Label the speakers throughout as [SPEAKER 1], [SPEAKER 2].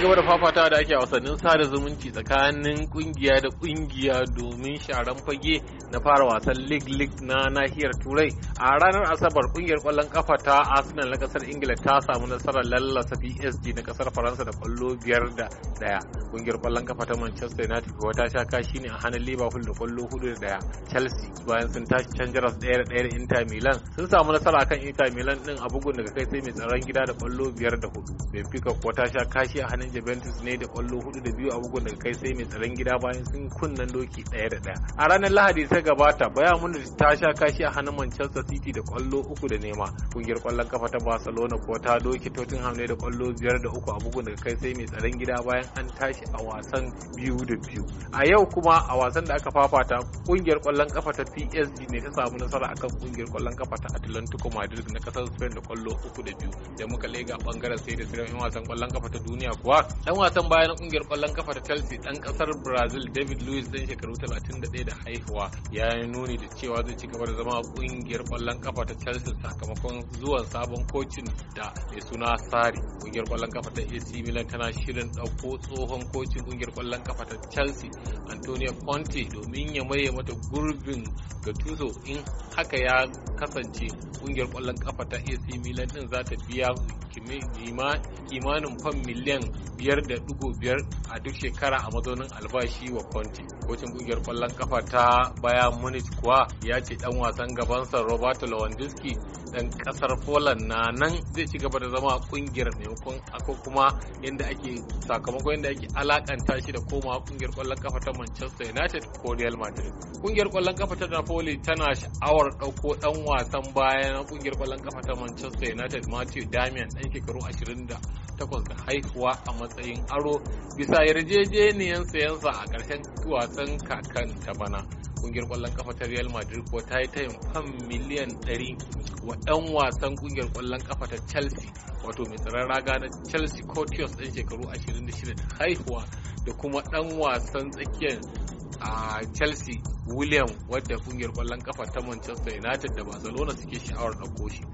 [SPEAKER 1] gaba da fafata da ake a wasannin sada zumunci tsakanin kungiya da kungiya domin sharan fage na fara wasan league league na nahiyar turai a ranar asabar kungiyar kwallon kafa ta arsenal na kasar ingila ta samu nasarar lallasa psg na kasar faransa da kwallo biyar da daya kungiyar kwallon kafa ta manchester united kuwa ta sha kashi ne a hannun liverpool da kwallo hudu da daya chelsea bayan sun tashi can jaras daya da daya da inter milan sun samu nasara akan inter milan din a bugun daga kai sai mai tsaron gida da kwallo biyar da hudu benfica kuwa ta sha kashi a hannun Juventus ne da kwallo hudu da biyu a bugun daga kai sai mai tsaron gida bayan sun kunna doki ɗaya da ɗaya. A ranar Lahadi ta gabata Bayern Munich ta sha kashi a hannun Manchester City da kwallo uku da nema. Kungiyar kwallon kafa ta Barcelona ko ta doki Tottenham ne da kwallo biyar da uku a bugun daga kai sai mai tsaron gida bayan an tashi a wasan biyu da biyu. A yau kuma a wasan da aka fafata kungiyar kwallon kafa ta PSG ne ta samu nasara akan kungiyar kwallon kafa ta Atlantico Madrid na kasar Spain da kwallo uku da biyu. Da muka lega bangaren sai da sirrin wasan kwallon kafa ta duniya kuwa dan wasan bayan na kungiyar kwallon kafa ta Chelsea dan kasar Brazil David Luiz dan shekaru 31 da haihuwa ya yi nuni da cewa zai ci gaba da zama kungiyar kwallon kafa ta Chelsea sakamakon zuwan sabon kocin da mai suna Sari kungiyar kwallon kafa ta AC Milan tana shirin dauko tsohon kocin kungiyar kwallon kafa ta Chelsea Antonio Conte domin ya maye mata gurbin ga Gattuso in haka ya kasance kungiyar kwallon kafa ta AC Milan din za ta biya kimanin fan miliyan 5.5 a duk shekara a mazaunin albashi wa Conte. Kocin kungiyar kwallon kafa ta Bayern Munich kuwa ya ce dan wasan gabansa Roberto Lewandowski dan kasar Poland na nan zai ci gaba da zama kungiyar maimakon ako kuma yadda ake sakamakon yadda ake alakanta shi da komawa kungiyar kwallon kafa ta Manchester United ko Real Madrid. Kungiyar kwallon kafa ta Napoli tana sha'awar ɗauko dan wasan baya na kungiyar kwallon kafa ta Manchester United Matthew Damian dan shekaru 28 da haihuwa a matsayin aro bisa yarjejeniyar sayansa a ƙarshen wasan kakan ta bana kungiyar kwallon kafa ta real madrid ko ta yi tayin fam miliyan 100 wa ɗan wasan kungiyar kwallon kafa ta chelsea wato mai tsaron raga na chelsea courtiers ɗan shekaru 26 da haihuwa da kuma ɗan wasan tsakiyar a chelsea william wadda kungiyar kwallon kafa ta manchester united da barcelona suke sha'awar ɗauko shi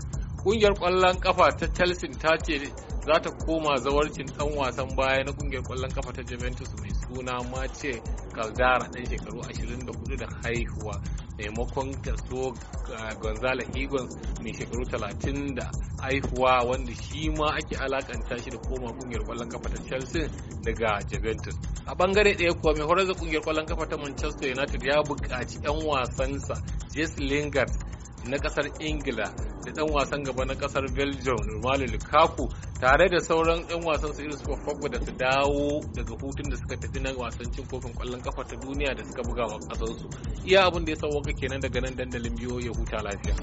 [SPEAKER 1] kungiyar kwallon kafa ta chelsea ta ce za ta koma zawarcin dan wasan baya na kungiyar kwallon kafa ta Juventus mai suna Mace Caldara dan shekaru 24 da haihuwa maimakon ta so uh, Gonzalo Higuain mai shekaru 30 da haihuwa wanda shi ma ake alakanta shi da koma kungiyar kwallon kafa ta Chelsea daga Juventus. A bangare ɗaya kuwa mai horar da kungiyar kwallon kafa ta Manchester United ya buƙaci 'yan wasansa Jesse Lingard na kasar ingila da dan wasan gaba na kasar belgium Romelu Lukaku tare da sauran 'yan wasan su irin Fogba da su dawo daga hutun da suka tafi na wasan cin kofin kwallon kafa ta duniya da suka buga wa su Iya abin da ya sauwaka kenan daga nan dandalin biyo ya huta lafiya.